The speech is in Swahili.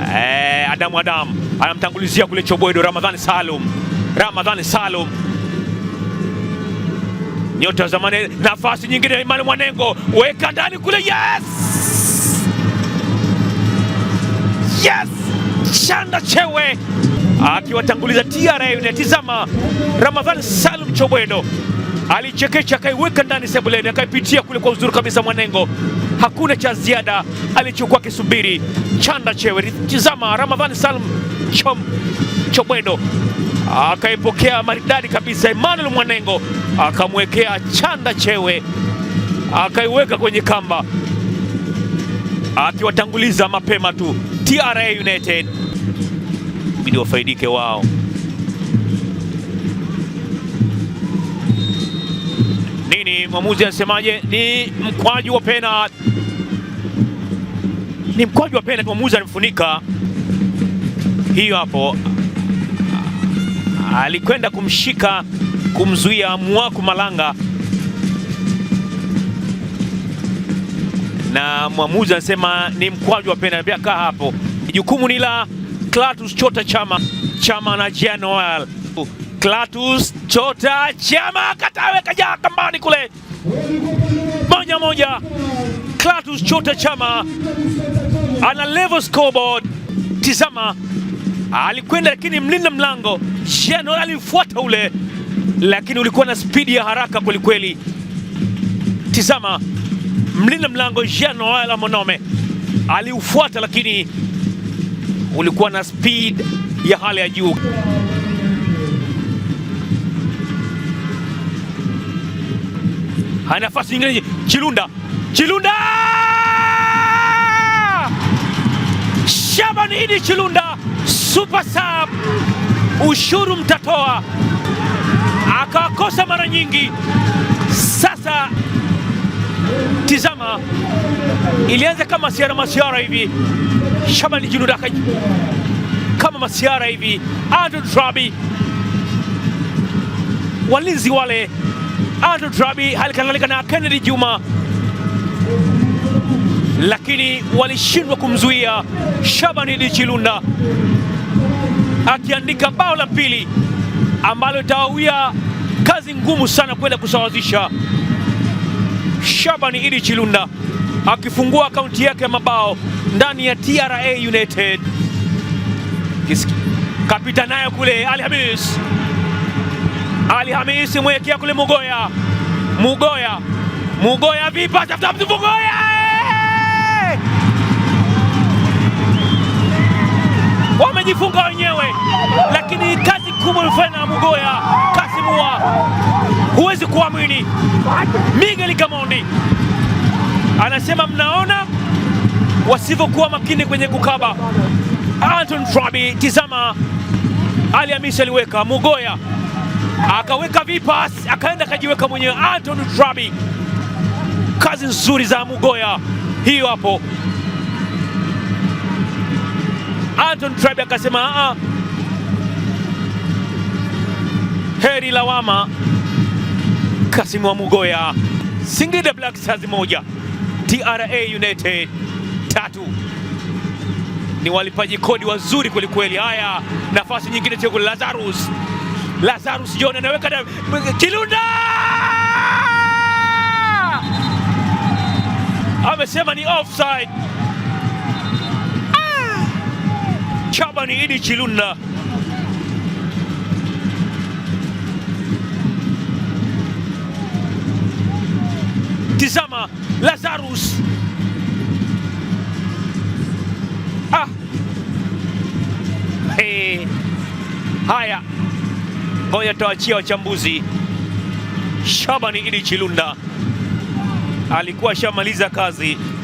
eh, Adamu Adamu anamtangulizia kule Chobwedo Ramadhani Salum, Ramadhani Salum nyota wa zamani, nafasi nyingine ya Imani Mwanengo, weka ndani kule, yes! Yes! Chanda Chewe akiwatanguliza TRA United. Tizama Ramadhani Salum Chobwedo alichekecha, akaiweka ndani sebuleni, akaipitia kule kwa uzuri kabisa Mwanengo hakuna cha ziada alichokuwa kisubiri Chanda Chewe. Tizama Ramadhani Salum Chom, Chobwedo akaipokea maridadi kabisa. Emmanuel Mwanengo akamwekea Chanda Chewe, akaiweka kwenye kamba akiwatanguliza mapema tu TRA United, bidi wafaidike wao. nini mwamuzi anasemaje? Ni mkwaju wa pena, ni mkwaju wa pena. Mwamuzi alimfunika hiyo hapo, alikwenda kumshika kumzuia Mwaku Malanga na mwamuzi anasema ni mkwaju wa pena. Pia kaa hapo, jukumu ni la Clatous Chota Chama Chama na January Klatus Chota Chama Katawe kaja kambani kule moja moja. Klatus Chota Chama ana level scoreboard. Tizama, alikwenda lakini mlinda mlango Jeno alimfuata ule, lakini ulikuwa na spidi ya haraka kwelikweli. Tizama, mlinda mlango Jeno Monome aliufuata, lakini ulikuwa na speed ya hali ya juu. Ana nafasi nyingine, Chilunda, Chilunda, Shaban Idi Chilunda, super sub, ushuru mtatoa, akawakosa mara nyingi. Sasa tizama, ilianza kama siara masiara hivi, Shaban Chilunda kama masiara hivi, Andrew Drabi, walinzi wale Andrew Drabi, hali kadhalika na Kennedy Juma, lakini walishindwa kumzuia Shabani Idi Chilunda akiandika bao la pili ambalo itawawia kazi ngumu sana kwenda kusawazisha. Shabani Idi Chilunda akifungua akaunti yake ya mabao ndani ya TRA United, kapita nayo kule Alhamis ali Hamisi mwekea kule Mugoya, Mugoya, Mugoya vipa, tafuta mtu Mugoya wamejifunga wenyewe, lakini kazi kubwa ilifanya na Mugoya kasimua, huwezi kuamini. Miguel Gamondi anasema mnaona wasivyokuwa makini kwenye kukaba. Anton Trabi, tizama, Ali Hamisi aliweka Mugoya akaweka vipas, akaenda akajiweka mwenyewe. Anton Trabi, kazi nzuri za Mugoya hiyo hapo. Anton Trabi akasema aa, ah, ah. heri lawama. Kasimu wa Mugoya, Singida Black Stars moja, TRA United tatu ni walipaji kodi wazuri kwelikweli. Haya, nafasi nyingine, Lazarus Lazarus John anaweka na Kilunda amesema ni offside. Ah! Chabani Idi Chilunda Tizama Lazarus ah. Hey. Haya Ngoja taachia wachambuzi. Shabani Idi Chilunda alikuwa shamaliza kazi.